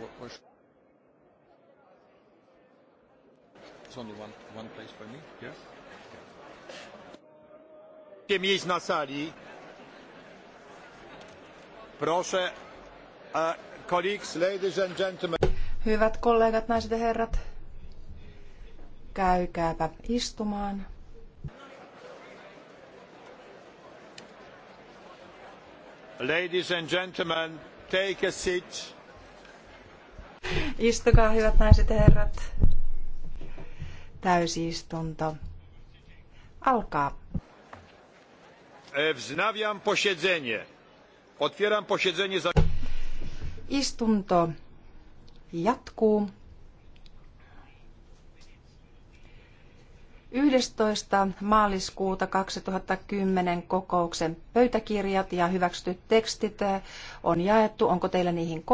What, where There's only one, one place for me. miejsc na sali. Proszę, uh, colleagues, ladies and gentlemen. Hyvät kollegat, naiset ja herrat, käykääpä istumaan. Ladies and gentlemen, take a seat. Istukaa, hyvät naiset ja herrat. Täysistunto alkaa. E, wznawiam posiedzenie. Otwieram posiedzenie za... Istunto jatkuu. 11. maaliskuuta 2010 kokouksen pöytäkirjat ja hyväksytyt tekstit eh, on jaettu. Onko teillä niihin